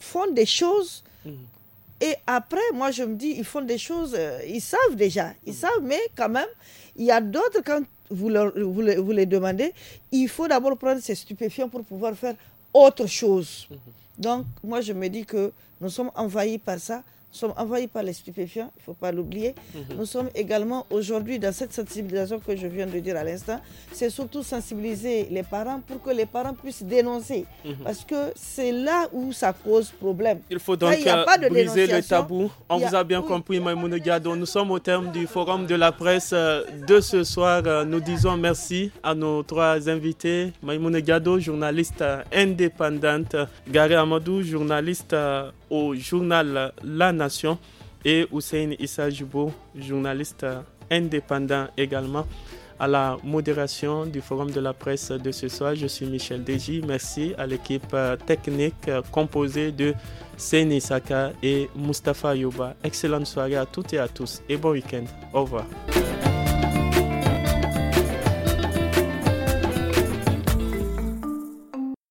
font des choses. Et après, moi, je me dis, ils font des choses, euh, ils savent déjà, ils savent, mais quand même, il y a d'autres, quand vous, vous, les, vous les demandez, il faut d'abord prendre ces stupéfiants pour pouvoir faire autre chose. Donc, moi, je me dis que nous sommes envahis par ça sommes envoyés par les stupéfiants, il ne faut pas l'oublier. Mhm. Nous sommes également aujourd'hui dans cette sensibilisation que je viens de dire à l'instant, c'est surtout sensibiliser les parents pour que les parents puissent dénoncer. Mhm. Parce que c'est là où ça cause problème. Il faut donc euh, briser le tabou. On vous a bien compris, Maïmoune Gado. Nous sommes au terme du forum de la presse euh, de ce soir. Euh, nous disons merci à nos trois invités. Maïmoune Gado, journaliste indépendante. Garé Amadou, journaliste au journal La Nation et Hussein Issa Jubo, journaliste indépendant également à la modération du forum de la presse de ce soir. Je suis Michel Deji. Merci à l'équipe euh, technique euh, composée de Seni Saka et Mustafa Yuba. Excellente soirée à toutes et à tous et bon week-end. Au revoir.